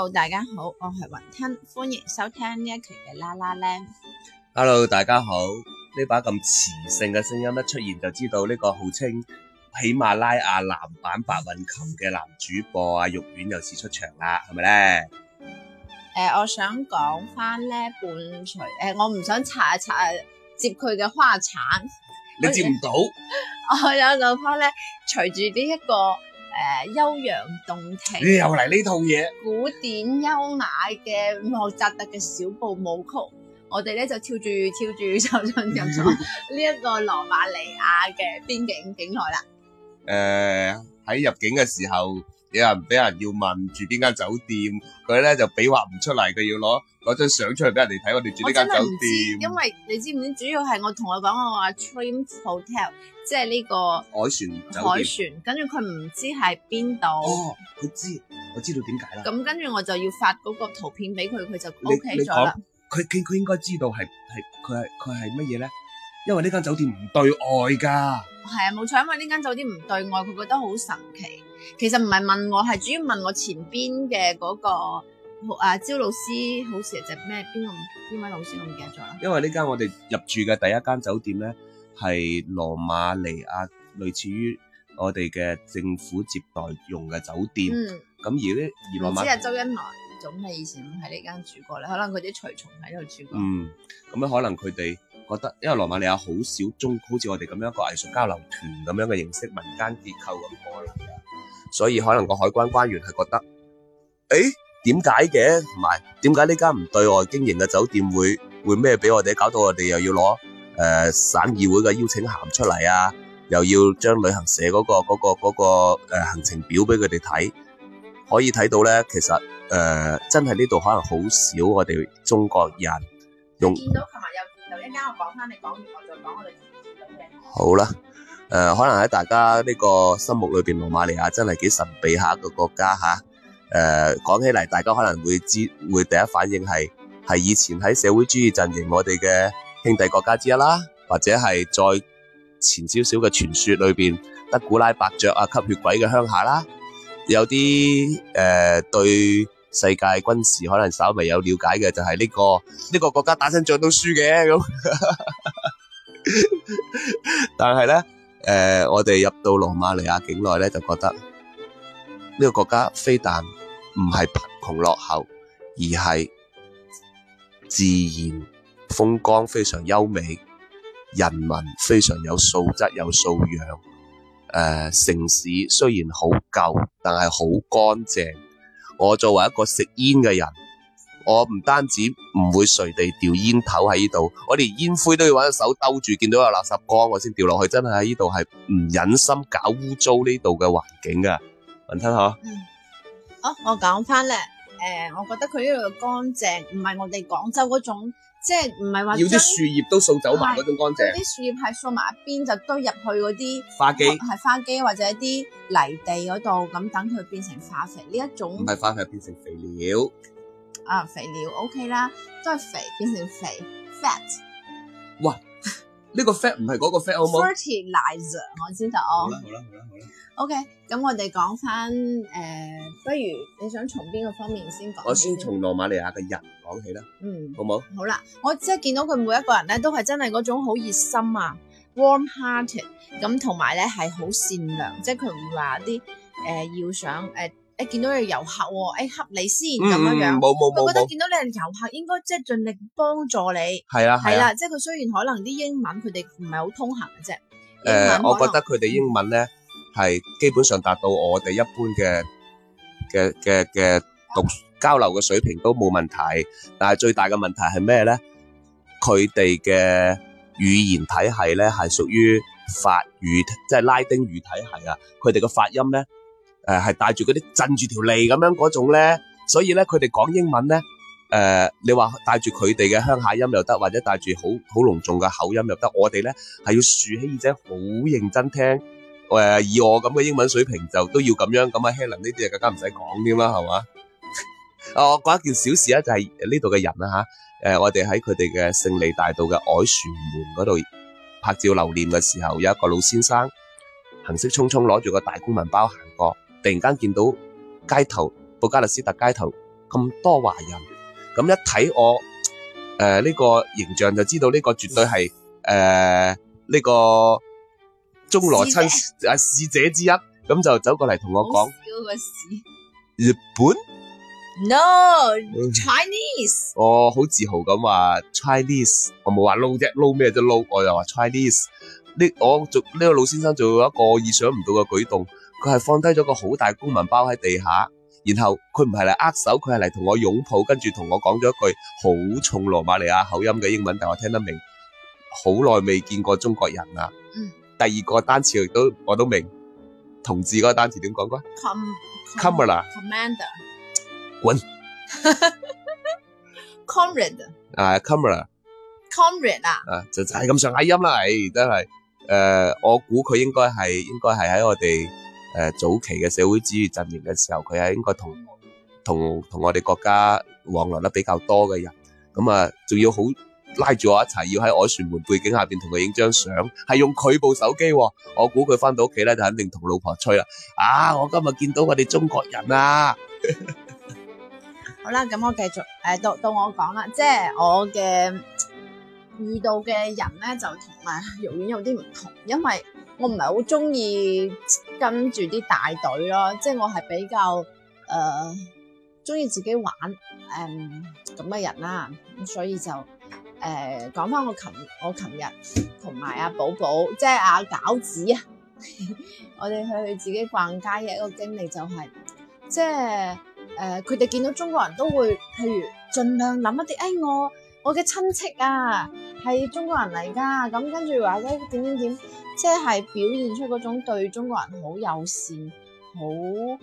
好，大家好，我係雲吞，歡迎收聽呢一期嘅啦啦咧。Hello，大家好，呢把咁磁性嘅聲音一出現，就知道呢個號稱喜馬拉雅男版白韻琴嘅男主播啊，玉丸又試出場啦，係咪咧？誒、呃，我想講翻咧，伴隨誒，我唔想查一查接佢嘅花橙，你接唔到？我有諗翻咧，隨住呢一個。誒，悠揚動情，又嚟呢套嘢，古典優雅嘅莫扎特嘅小步舞曲，我哋咧就跳住跳住就進入咗呢一個羅馬尼亞嘅邊境境內啦。誒、呃，喺入境嘅時候。有人俾人要問住邊間酒店，佢咧就比劃唔出嚟，佢要攞攞張相出嚟俾人哋睇，我哋住呢間酒店。因為你知唔知主要係我同佢講我話 Trim Hotel，即係呢個海船海船，跟住佢唔知喺邊度。哦，佢知，我知道點解啦。咁跟住我就要發嗰個圖片俾佢，佢就 O K 咗啦。佢佢佢應該知道係係佢係佢係乜嘢咧？因為呢間酒店唔對外噶。係啊，冇錯，因為呢間酒店唔對外，佢覺得好神奇。其實唔係問我，係主要問我前邊嘅嗰、嗰個焦、啊、老師好似係隻咩邊個邊位老師？我唔記得咗啦。因為呢間我哋入住嘅第一間酒店咧，係羅馬尼亞類似於我哋嘅政府接待用嘅酒店。咁、嗯、而咧，而羅馬尼亞，只係周恩來總理以前喺呢間住過咧，可能佢啲隨從喺度住過。嗯。咁樣可能佢哋覺得，因為羅馬尼亞好少中，好似我哋咁樣一個藝術交流團咁樣嘅形式，民間結構咁可能。所以可能個海關關員係覺得，誒，點解嘅，同埋點解呢間唔對外經營嘅酒店會會咩俾我哋搞到我哋又要攞誒、呃、省議會嘅邀請函出嚟啊，又要將旅行社嗰、嗰個、嗰個、嗰個誒、呃、行程表俾佢哋睇，可以睇到咧，其實誒、呃、真係呢度可能好少我哋中國人用。我講返，你講完我再講我哋自己。好啦。誒、呃、可能喺大家呢個心目裏邊，羅馬尼亞真係幾神秘下一個國家嚇。誒、啊呃、講起嚟，大家可能會知，會第一反應係係以前喺社會主義陣營我哋嘅兄弟國家之一啦，或者係再前少少嘅傳說裏邊，德古拉伯爵啊吸血鬼嘅鄉下啦。有啲誒、呃、對世界軍事可能稍微有了解嘅，就係、是、呢、這個呢、這個國家打親仗都輸嘅咁。 但係呢。誒、呃，我哋入到羅馬尼亞境內咧，就覺得呢個國家非但唔係貧窮落後，而係自然風光非常優美，人民非常有素質有素養。誒、呃，城市雖然好舊，但係好乾淨。我作為一個食煙嘅人。我唔單止唔會隨地掉煙頭喺呢度，我連煙灰都要搵手兜住，見到有垃圾缸我先掉落去。真係喺呢度係唔忍心搞污糟呢度嘅環境㗎，雲吞呵。嗯。好，我講返咧，誒，我覺得佢呢度嘅乾淨，唔係我哋廣州嗰種，即係唔係話要啲樹葉都掃走埋嗰種乾淨，啲樹葉係掃埋一邊就堆入去嗰啲花基，係花基或者啲泥地嗰度，咁等佢變成化肥呢一種，唔係化肥，變成肥料。啊，肥料 OK 啦，都係肥，變成肥，fat。喂，呢個 fat 唔係嗰個 fat 好冇？Fertilizer，我知道。好啦，好啦，好啦，好啦。OK，咁我哋講翻誒，不如你想從邊個方面先講？我先從羅馬尼亞嘅人講起啦。嗯，好冇？好啦，我即係見到佢每一個人咧，都係真係嗰種好熱心啊，warm-hearted，咁同埋咧係好善良，即係佢會話啲誒要想誒。誒見到你遊客喎，誒、哎、恰你先咁樣、嗯、樣。冇冇冇冇。佢覺得見到你係遊客，應該即係盡力幫助你。係啊係啊。即係佢雖然可能啲英文佢哋唔係好通行嘅啫。誒、呃，我覺得佢哋英文咧係基本上達到我哋一般嘅嘅嘅嘅讀交流嘅水平都冇問題。但係最大嘅問題係咩咧？佢哋嘅語言體系咧係屬於法語，即係拉丁語體系啊。佢哋嘅發音咧。誒係帶住嗰啲震住條脷咁樣嗰種咧，所以咧佢哋講英文咧，誒你話帶住佢哋嘅鄉下音又得，或者帶住好好隆重嘅口音又得。我哋咧係要豎起耳仔，好認真聽。誒以我咁嘅英文水平就都要咁樣咁啊。Helen 呢啲更加唔使講添啦，係嘛？哦，我講一件小事啊，就係呢度嘅人啦嚇。誒，我哋喺佢哋嘅勝利大道嘅凱旋門嗰度拍照留念嘅時候，有一個老先生行色匆匆攞住個大公文包。突然間見到街頭布加勒斯特街頭咁多華人，咁一睇我誒呢、呃這個形象呢個，就知道呢個絕對係誒呢個中羅親麼啊使者之一，咁就走過嚟同我講，少個事。日本，日本？No Chinese、嗯。我好自豪咁話 Chinese 我。我冇話撈啫，撈咩啫撈，我又話 Chinese。呢我做呢、呢個老先生做一個意想唔到嘅舉動。佢係放低咗個好大公文包喺地下，然後佢唔係嚟握手，佢係嚟同我擁抱，跟住同我講咗一句好重羅馬尼亞口音嘅英文，但我聽得明。好耐未見過中國人啦。嗯。第二個單詞亦都我都明，同志嗰個單詞點講？個 commander。滾。comrade。啊，commander。comrade 啊。啊，就就係咁上下音啦。誒、哎，真係誒，我估佢應該係應該係喺我哋。誒，早期嘅社會主義陣營嘅時候，佢係應該同同同我哋國家往來得比較多嘅人，咁啊，仲要好拉住我一齊，要喺凱旋門背景下邊同佢影張相，係用佢部手機，啊，我估佢翻到屋企咧就肯定同老婆吹啦，啊，我今日見到我哋中國人啊！ 好啦，咁我繼續，誒、呃、到到我講啦，即係我嘅。遇到嘅人咧就同埋育院有啲唔同，因為我唔係好鍾意跟住啲大隊咯，即係我係比較誒鍾意自己玩誒咁嘅人啦。咁所以就誒講返我琴我琴日同埋阿寶寶，即係阿餃子啊， 我哋去，去自己逛街嘅一個經歷，就是，就係即係誒佢哋見到中國人都會，譬如盡量諗一啲誒，我我嘅親戚啊。係中國人嚟噶，咁跟住話咧點點點，即係表現出嗰種對中國人好友善，好誒，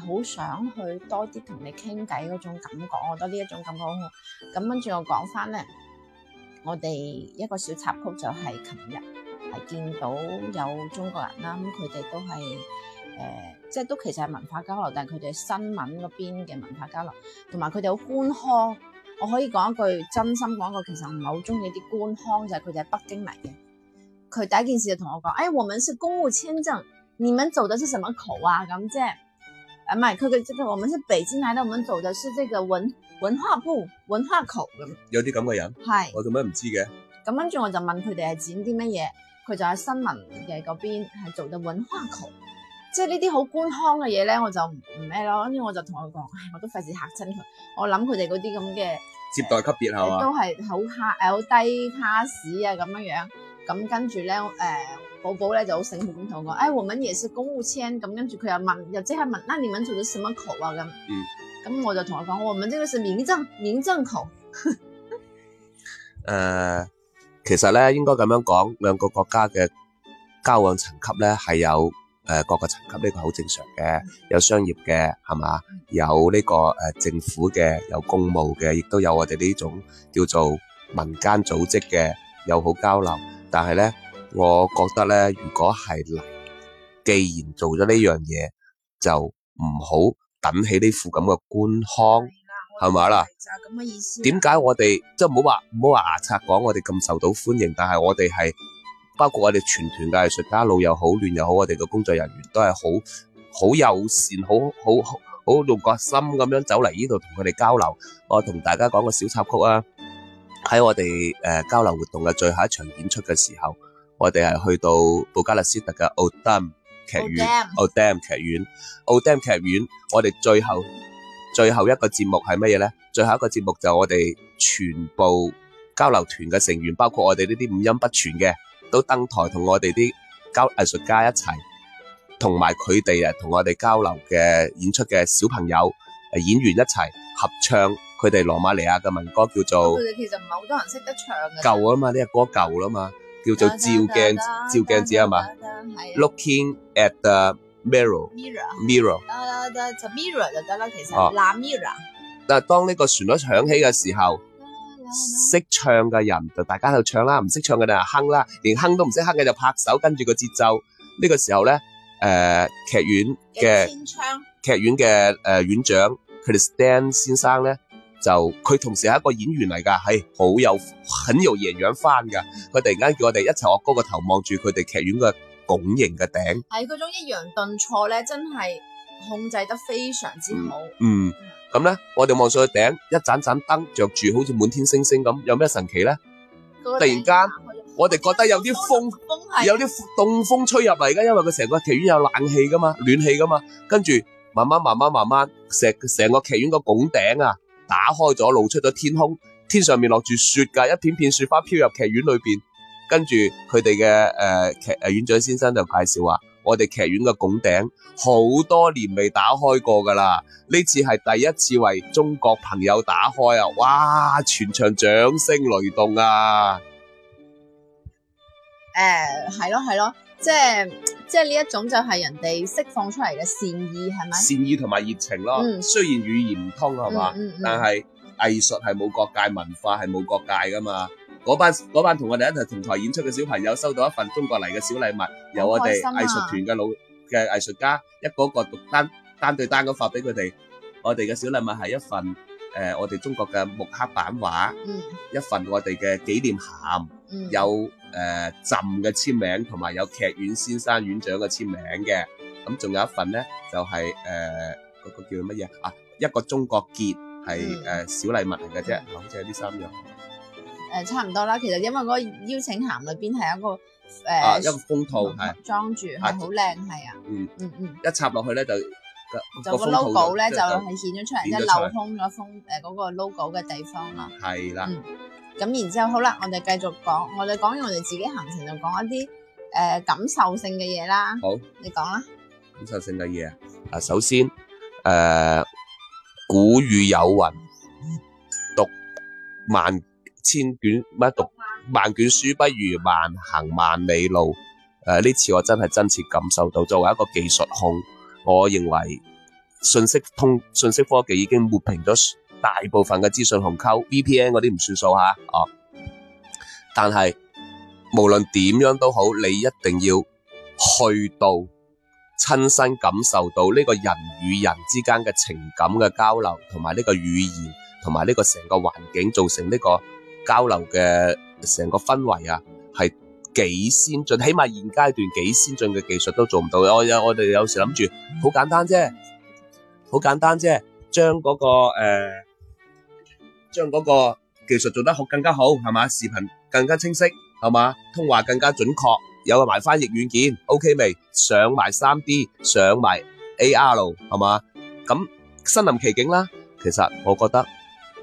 好、呃、想去多啲同你傾偈嗰種感覺。我覺得呢一種感覺好好。咁跟住我講翻咧，我哋一個小插曲就係琴日係見到有中國人啦，咁佢哋都係誒、呃，即係都其實係文化交流，但係佢哋新聞嗰邊嘅文化交流，同埋佢哋好官腔。我可以講一句真心講一句，其實唔係好中意啲官腔，就係佢哋喺北京嚟嘅。佢第一件事就同我講：誒、哎、我們是公務簽證，你們做的是什麼口啊？咁即係誒，唔係佢哋，這我們是北京來的，我們走的是這個文文化部文化口咁。有啲咁嘅人係是我做咩唔知嘅？咁跟住我就問佢哋係剪啲乜嘢？佢就喺新聞嘅嗰邊係做咗文化口。即係呢啲好官腔嘅嘢咧，我就唔咩咯，跟住我就同佢講，唉，我都費事嚇親佢。我諗佢哋嗰啲咁嘅接待級別係、呃、都係好卡好、呃、低卡士啊咁樣樣。咁跟住咧，誒、呃、寶寶咧就好醒目咁同我講，誒，我們也是公務簽咁，跟住佢又問又即刻問，那你們做嘅什麼口啊咁？嗯，咁、嗯、我就同佢講，我們這個是民政民政口。誒，其實咧應該咁樣講，兩個國家嘅交往層級咧係有。誒，各個層級呢，這個好正常嘅，有商業嘅，係嘛，有呢個誒政府嘅，有公務嘅，亦都有我哋呢種叫做民間組織嘅，友好交流。但係呢，我覺得呢，如果係嚟，既然做咗呢樣嘢，就唔好揼起呢副咁嘅官腔，係咪啊啦？就係咁嘅意思。點解我哋即係唔好話唔好話牙刷講我哋咁受到歡迎，但係我哋係？包括我哋全團嘅藝術家，老又好，嫩又好，我哋嘅工作人員都係好好友善，好好好到個心咁樣走嚟呢度同佢哋交流。我同大家講個小插曲啊，喺我哋誒交流活動嘅最後一場演出嘅時候，我哋係去到布加勒斯特嘅 Odeon 劇院。Odeon 劇院 Odeon 劇院，我哋最後最後一個節目係乜嘢呢？最後一個節目就我哋全部交流團嘅成員，包括我哋呢啲五音不全嘅。都登台同我哋啲交藝術家一齊，同埋佢哋啊，同我哋交流嘅演出嘅小朋友，誒演員一齊合唱佢哋羅馬尼亞嘅民歌，叫做，佢哋其實唔係好多人識得唱。舊啊嘛，呢個歌舊啦嘛，叫做照鏡照鏡子，係嘛？Looking at the mirror, mirror, mirror 就得啦，其實拉 mirror。但係當呢個旋律響起嘅時候。識唱嘅人就大家就唱啦，唔識唱嘅就哼啦，連哼都唔識哼嘅就拍手跟住個節奏。呢、這個時候咧，誒、呃，劇院嘅劇院嘅誒、呃、院長佢哋 Stan 先生咧，就佢同時係一個演員嚟噶，係好有，很有營養翻噶。佢突然間叫我哋一齊岳高個頭望住佢哋劇院嘅拱形嘅頂，係嗰種抑揚頓挫咧，真係控制得非常之好。嗯。咁咧，我哋望上去頂一盞盞燈着住，著著好似滿天星星咁，有咩神奇咧？突然間，我哋覺得有啲風，有啲凍風吹入嚟噶，因為佢成個劇院有冷氣噶嘛，暖氣噶嘛，跟住慢慢慢慢慢慢，成成個劇院個拱頂啊打開咗，露出咗天空，天上面落住雪噶，一片片雪花飄入劇院裏邊，跟住佢哋嘅誒劇誒院長先生就介紹話。我哋劇院嘅拱頂好多年未打開過噶啦，呢次係第一次為中國朋友打開啊！哇，全場掌聲雷動啊！誒，係咯係咯，即係即係呢一種就係人哋釋放出嚟嘅善意係咪？善意同埋熱情咯，雖然語言唔通係嘛，嗯嗯嗯嗯，但係藝術係冇國界，文化係冇國界噶嘛。嗰班嗰班同我哋一齊同台演出嘅小朋友收到一份中國嚟嘅小禮物，有我哋藝術團嘅老嘅藝術家一個個獨單單對單咁發俾佢哋。我哋嘅小禮物係一份誒，我哋中國嘅木刻版畫，一份我哋嘅紀念函，有誒朕嘅簽名同埋有劇院先生院長嘅簽名嘅。咁仲有一份咧，就係誒嗰個叫乜嘢啊？一個中國結係誒小禮物嚟嘅啫，好似係啲三樣。誒，差唔多啦。其實因為嗰個邀請函裏邊係一個誒，一個封套係，裝住係好靚係啊。嗯嗯嗯，一插落去咧就個就個 logo 咧就係顯咗出嚟，即係鏤空咗封誒嗰個 logo 嘅地方啦。係啦。咁然之後好啦，我哋繼續講，我哋講完我哋自己行程就講一啲誒感受性嘅嘢啦。好，你講啦。感受性嘅嘢啊，首先誒，古語有云，讀萬。千卷乜讀萬卷書，不如萬行萬里路。誒、呃，呢次我真係真切感受到，作為一個技術控，我認為信息通、信息科技已經抹平咗大部分嘅資訊鴻溝。V P N 嗰啲唔算數吓、啊、哦。但係無論點樣都好，你一定要去到親身感受到呢個人與人之間嘅情感嘅交流，同埋呢個語言，同埋呢個成個環境造成呢個。交流嘅成個氛圍啊，係幾先進，起碼現階段幾先進嘅技術都做唔到。我有我哋有時諗住好簡單啫，好簡單啫，將嗰個誒，將嗰個技術做得好更加好，係嘛？視頻更加清晰，係嘛？通話更加準確，有個埋翻譯軟件，OK 未？上埋 3D，上埋 AR，係嘛？咁身臨其境啦。其實我覺得。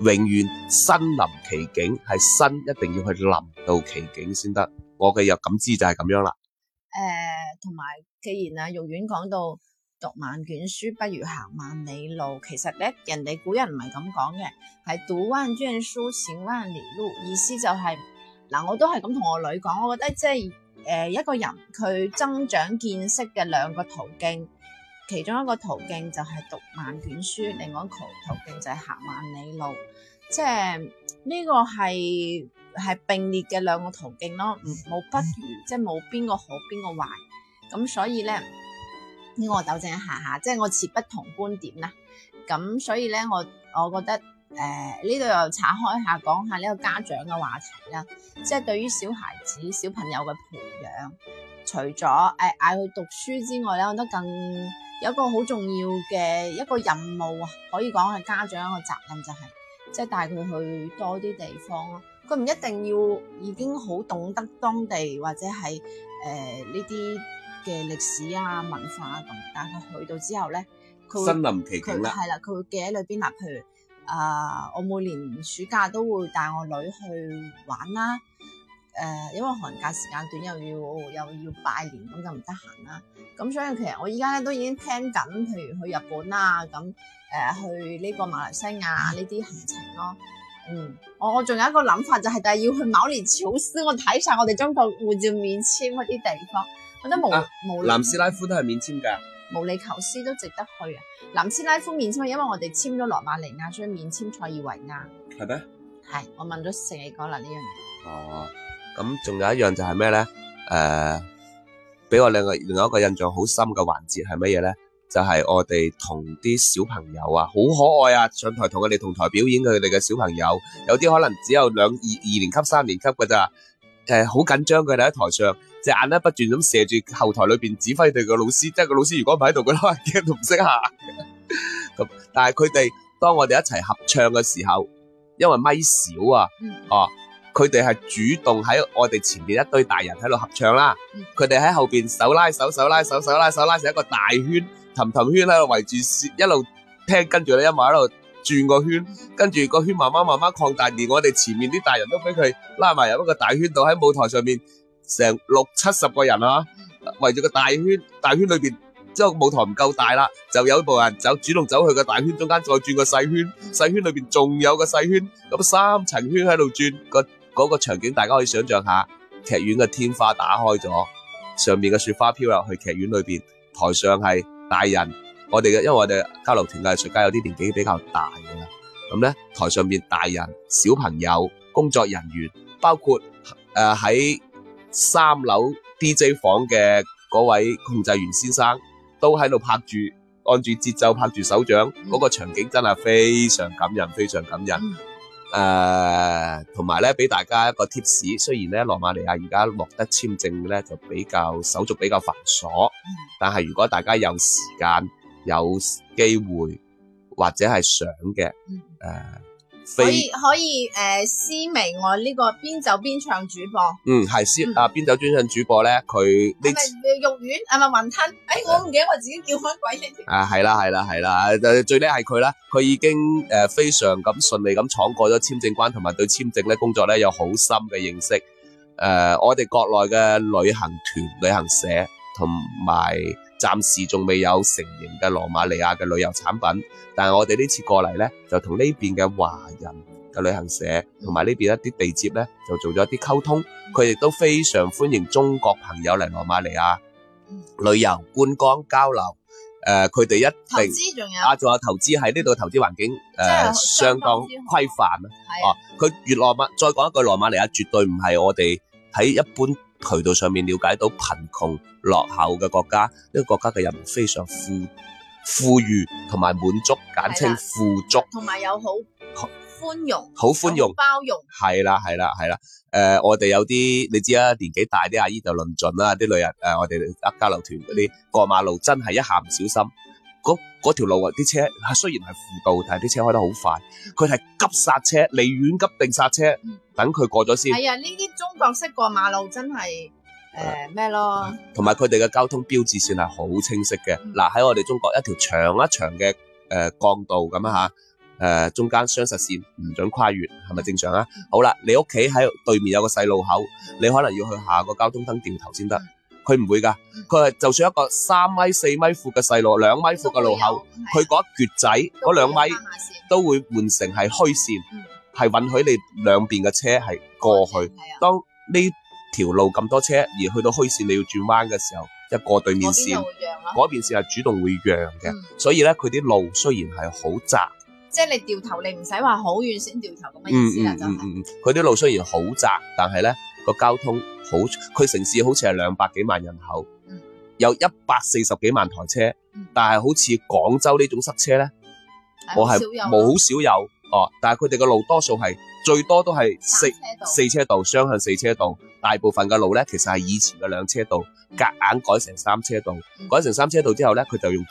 永遠身臨其境，係身一定要去臨到其境先得。我嘅又感知就係咁樣啦。誒、呃，同埋既然啊玉婉講到讀萬卷書不如行萬里路，其實咧人哋古人唔係咁講嘅，係讀萬卷書，行萬里路。意思就係、是、嗱、呃，我都係咁同我女講，我覺得即係誒，一個人佢增長見識嘅兩個途徑。其中一個途徑就係讀萬卷書，另外一個途途徑就係行萬里路，即係呢個係係並列嘅兩個途徑咯。冇不如，即係冇邊個好邊個壞。咁所以咧，我糾正一下下，即係我持不同觀點啦。咁所以咧，我我覺得誒呢度又拆開下講下呢個家長嘅話題啦，即係對於小孩子小朋友嘅培養。除咗誒嗌佢讀書之外咧，我覺得更有一個好重要嘅一個任務啊，可以講係家長一個責任，就係即係帶佢去多啲地方咯。佢唔一定要已經好懂得當地或者係誒呢啲嘅歷史啊文化啊咁，但係佢去到之後咧，佢身臨其境係啦，佢會記喺裏邊啊。譬如啊，我每年暑假都會帶我女去玩啦。誒，因為寒假時間短，又要又要拜年，咁就唔得閒啦。咁所以其實我依家咧都已經 plan 緊，譬如去日本啦、啊，咁誒去呢個馬來西亞呢啲行程咯、啊。嗯，我我仲有一個諗法就係，但係要去毛里求斯。我睇晒我哋中國護照免簽嗰啲地方，我覺得無無、啊、利南斯拉夫都係免簽㗎，毛里求斯都值得去啊。南斯拉夫免簽，因為我哋簽咗羅馬尼亞，所以免簽塞爾維亞。係咩吧？係我問咗四個啦呢樣嘢。哦。咁仲有一樣就係咩咧？誒、呃，俾我另外另外一個印象好深嘅環節係乜嘢咧？就係、是、我哋同啲小朋友啊，好可愛啊，上台同佢哋同台表演佢哋嘅小朋友，有啲可能只有兩二二年級、三年級嘅咋，誒，好緊張，佢哋喺台上，隻眼咧不斷咁射住後台裏邊指揮隊嘅老師，即係個老師如果唔喺度，佢拉鏡都唔識下。咁 但係佢哋當我哋一齊合唱嘅時候，因為咪少啊，哦、嗯。啊佢哋係主動喺我哋前面一堆大人喺度合唱啦，佢哋喺後邊手拉手、手拉手、手拉手拉成一個大圈，氹氹圈喺度圍住，一路聽跟住咧音樂喺度轉個圈，跟住個圈慢慢慢慢擴大，連我哋前面啲大人都俾佢拉埋入一個大圈度喺舞台上面，成六七十個人啊，圍住個大圈，大圈裏邊，之後個舞台唔夠大啦，就有一部人就主動走去個大圈中間再轉個細圈，細圈裏邊仲有個細圈，咁三層圈喺度轉個。嗰個場景大家可以想象下，劇院嘅天花打開咗，上面嘅雪花飄落去劇院裏邊。台上係大人，我哋嘅，因為我哋交流團藝術家有啲年紀比較大嘅啦。咁咧，台上面大人、小朋友、工作人員，包括誒喺三樓 DJ 房嘅嗰位控制員先生，都喺度拍住按住節奏拍住手掌。嗰、嗰個場景真係非常感人，非常感人。嗯。誒，同埋咧，俾大家一個貼士，雖然咧羅馬尼亞而家獲得簽證咧就比較手續比較繁瑣，但係如果大家有時間、有機會或者係想嘅，誒、呃。可以可以誒、呃，思明我呢個邊走邊唱主播，嗯係思啊邊走邊唱主播咧，佢你係肉丸啊唔係雲吞，誒、哎、我唔記得我自己叫乜鬼名啊，係啦係啦係啦最叻係佢啦，佢已經誒、呃、非常咁順利咁闖過咗簽證關，同埋對簽證咧工作咧有好深嘅認識誒、呃，我哋國內嘅旅行團旅行社同埋。暫時仲未有成型嘅羅馬尼亞嘅旅遊產品，但係我哋呢次過嚟咧，就同呢邊嘅華人嘅旅行社同埋呢邊一啲地接咧，就做咗一啲溝通，佢亦都非常歡迎中國朋友嚟羅馬尼亞旅遊觀光交流。誒，佢哋一定啊，仲有投資喺呢度嘅投資環境誒，相當規範啊。哦，佢越羅馬，再講一句，羅馬尼亞絕對唔係我哋喺一般。渠道上面了解到貧窮落後嘅國家，呢、這個國家嘅人非常富富裕同埋滿足，簡稱富足，同埋有好寬容，好寬容，包容。係啦，係啦，係啦，誒、呃，我哋有啲你知啦、啊，年紀大啲阿姨就論盡啦，啲女人誒、呃，我哋交流團嗰啲過馬路真係一下唔小心，嗰條路啊，啲車係雖然係輔道，但係啲車開得好快，佢係急剎車、離遠急定剎車，嗯、等佢過咗先。係啊、哎，呢啲中國式過馬路真係誒咩咯？同埋佢哋嘅交通標誌線係好清晰嘅。嗱喺、嗯啊、我哋中國一條長一長嘅誒幹道咁啊嚇、啊，中間雙實線唔准跨越，係咪正常啊？好啦，你屋企喺對面有個細路口，你可能要去下個交通燈掉頭先得。佢唔會㗎，佢係就算一個三米四米闊嘅細路，兩米闊嘅路口，佢嗰一橛仔嗰兩米都會換成係虛線，係允許你兩邊嘅車係過去。當呢條路咁多車而去到虛線，你要轉彎嘅時候，一過對面線，嗰邊線係主動會讓嘅，所以咧佢啲路雖然係好窄，即係你掉頭你唔使話好遠先掉頭咁易嘅。嗯嗯嗯嗯嗯，佢啲路雖然好窄，但係咧。個交通好，佢城市好似係兩百幾萬人口，嗯、有一百四十幾萬台車，嗯、但係好似廣州呢種塞車呢，我係冇少有，少有哦。但係佢哋嘅路多數係最多都係四車四車道雙向四車道，大部分嘅路呢，其實係以前嘅兩車道，夾、嗯、硬改成三車道。嗯、改成三車道之後呢，佢就用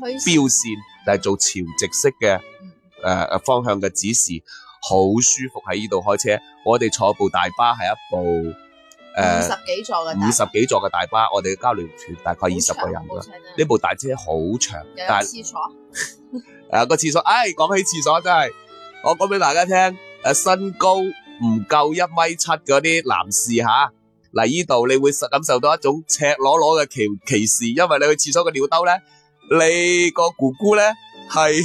標線嚟做潮汐式嘅誒、嗯嗯呃、方向嘅指示。好舒服喺依度開車，我哋坐部大巴係一部誒，五十，呃、幾座嘅五十幾座嘅大巴，大巴我哋嘅交流團大概二十個人，呢長部大車好長，但係是誒、 啊、個廁所，唉、哎，講起廁所真係，我講俾大家聽，誒身高唔夠一米七嗰啲男士吓，嚟依度你會感受到一種赤裸裸嘅歧歧視，因為你去廁所嘅尿兜咧，你個姑姑咧係。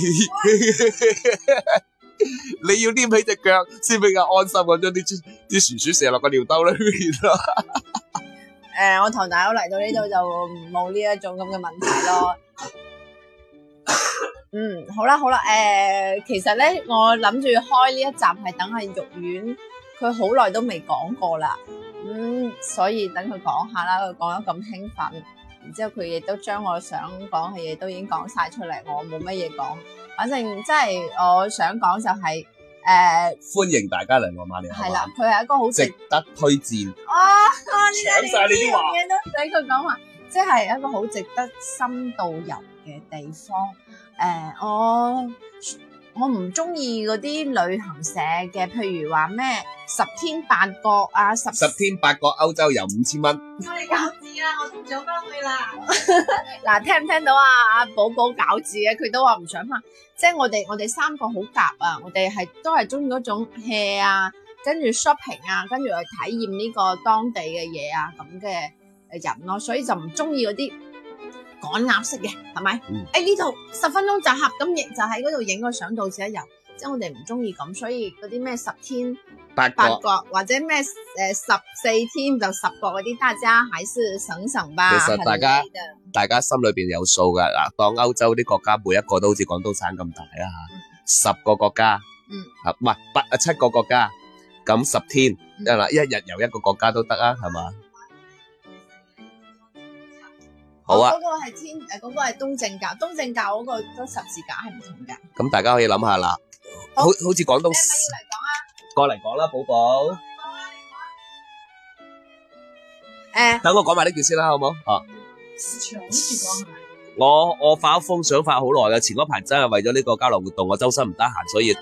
哇 你要掂起隻腳先比較安心，咁將啲啲鼠鼠射落個尿兜裏，誒，我同大佬嚟到呢度就冇呢一種咁嘅問題咯。 嗯，好啦好啦，誒、呃，其實咧我諗住開呢一集係等下肉丸，佢好耐都未講過啦。咁、嗯、所以等佢講下啦，佢講得咁興奮，然之後佢亦都將我想講嘅嘢都已經講晒出嚟，我冇乜嘢講。反正即係我想講就係誒，歡迎大家嚟我馬來西亞啦。係啦，佢係一個好值得推薦啊！等曬你啲話，畀佢講話，即係一個好值得深度遊嘅地方。誒，我。我唔中意嗰啲旅行社嘅，譬如話咩十天八國啊，十十天八國歐洲遊五千蚊。餃子啊，我都想翻去啦。嗱，聽唔聽到啊？阿寶寶餃子啊，佢都話唔想翻。即係我哋我哋三個好夾啊，我哋係都係中意嗰種 hea 啊，跟住 shopping 啊，跟住去體驗呢個當地嘅嘢啊咁嘅，誒人咯，所以就唔中意嗰啲。趕鴨式嘅，係咪？哎呢度十分鐘集合，咁亦就喺嗰度影個相，到此一遊。即係我哋唔中意咁，所以嗰啲咩十天八國或者咩誒十四天就十國嗰啲，大家還是省省吧。其實大家大家心裏邊有數嘅，嗱，當歐洲啲國家每一個都好似廣東省咁大啦吓，十個國家，啊唔係八啊七個國家，咁十天，係嘛，一日遊一個國家都得啊，係嘛。好啊，嗰個係天誒，嗰個係東正教，東正教嗰個都十字架係唔同噶。咁大家可以諗下啦，好，好似廣東嚟講啊，過嚟講啦，寶寶。誒，等我講埋呢段先啦，好冇？吓，市場呢段講，係咪？我我發一封想法好耐噶，前嗰排真係為咗呢個交流活動，我周身唔得閒，所以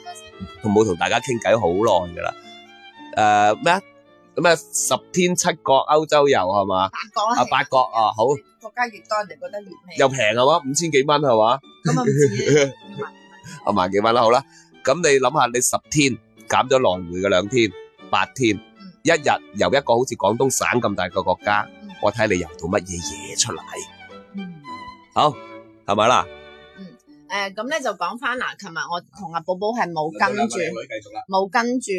同冇同大家傾偈好耐噶啦。誒咩？咁啊，十天七國歐洲遊係嘛？八國啊，八國啊，好。國家越多，你覺得越平。又平係嘛？五千幾蚊係嘛？咁啊，萬幾蚊啦，好啦。咁你諗下，你十天減咗來回嘅兩天，八天，一日遊一個好似廣東省咁大個國家，我睇下你遊到乜嘢嘢出嚟。嗯。好，係咪啦？嗯。誒，咁咧就講翻啦。琴日我同阿寶寶係冇跟住，冇跟住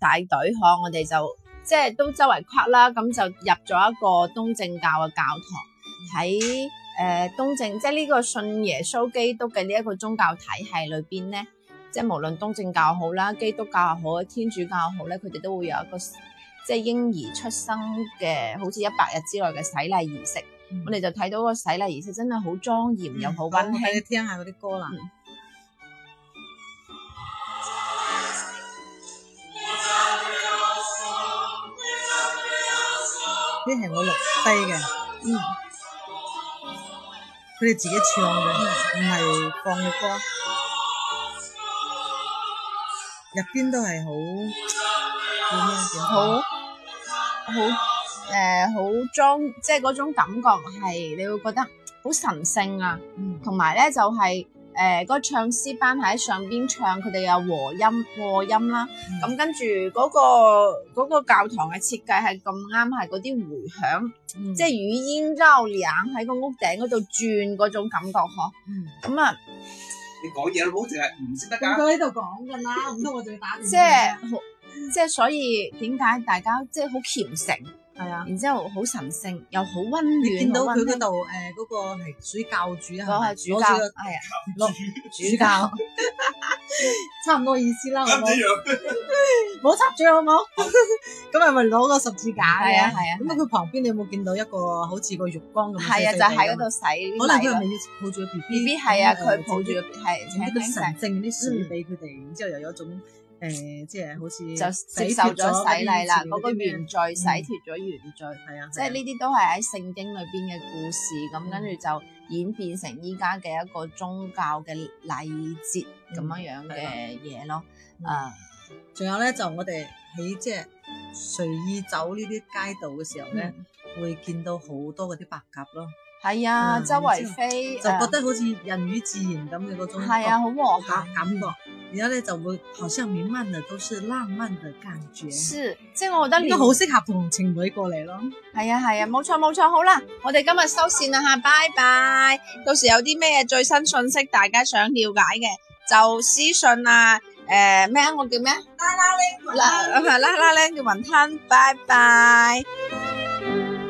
大隊嗬，我哋就。即係都周圍框啦，咁就入咗一個東正教嘅教堂喺誒、呃、東正，即係呢個信耶穌基督嘅呢一個宗教體系裏邊咧，即係無論東正教好啦，基督教又好，天主教好咧，佢哋都會有一個即係嬰兒出生嘅，好似一百日之內嘅洗禮儀式，嗯、我哋就睇到個洗禮儀式真係好莊嚴又好溫馨，聽、嗯、下嗰啲歌啦。嗯呢係我錄低嘅，嗯，佢哋自己唱嘅，唔係放嘅歌，入邊都係好，叫咩點？好，好，誒，好莊，即係嗰種感覺係你會覺得好神聖啊，同埋咧就係、是。誒嗰、呃那個唱詩班喺上邊唱，佢哋有和音、和音啦。咁、嗯、跟住嗰、那個那個教堂嘅設計係咁啱，係嗰啲迴響，嗯、即係餘音繚繞喺個屋頂嗰度轉嗰種感覺呵。咁、嗯嗯嗯、啊，你講嘢好冇淨係唔識得㗎。佢喺度講㗎啦，唔通我仲要打字？即係即係，所以點解大家即係好虔誠？係啊，然之後好神聖，又好溫暖。你見到佢嗰度誒，嗰個係屬於教主啊，係主教，係啊，主教，差唔多意思啦。唔一樣，冇插住。好冇。好？咁係咪攞個十字架？係啊係啊。咁啊，佢旁邊你有冇見到一個好似個浴缸咁嘅？係啊，就喺嗰度洗。可能因為係咪要抱住 B B？B B 係啊，佢抱住，係。啲神聖啲水俾佢哋，然之後又有種。誒、呃，即係、就是、好似就接受咗洗禮啦，嗰個原罪洗脫咗原罪，係啊，即係呢啲都係喺聖經裏邊嘅故事，咁跟住就演變成依家嘅一個宗教嘅禮節咁、嗯、樣樣嘅嘢咯。誒、嗯、仲、嗯、有咧就我哋喺即係隨意走呢啲街道嘅時候咧，嗯、會見到好多嗰啲白鴿咯。係啊、嗯，周圍飛就覺得好似人與自然咁嘅嗰種係啊，好、嗯、和諧感覺。然後咧就會，好像彌漫嘅，都是浪漫的感覺。是，即係我覺得你都好適合同情侶過嚟咯。係啊係啊，冇錯冇錯。好啦，我哋今日收線啦吓，拜拜。到時有啲咩最新信息大家想了解嘅，就私信啊。誒、呃、咩？我叫咩？啦啦靚，拉係拉拉靚叫雲吞。拜拜。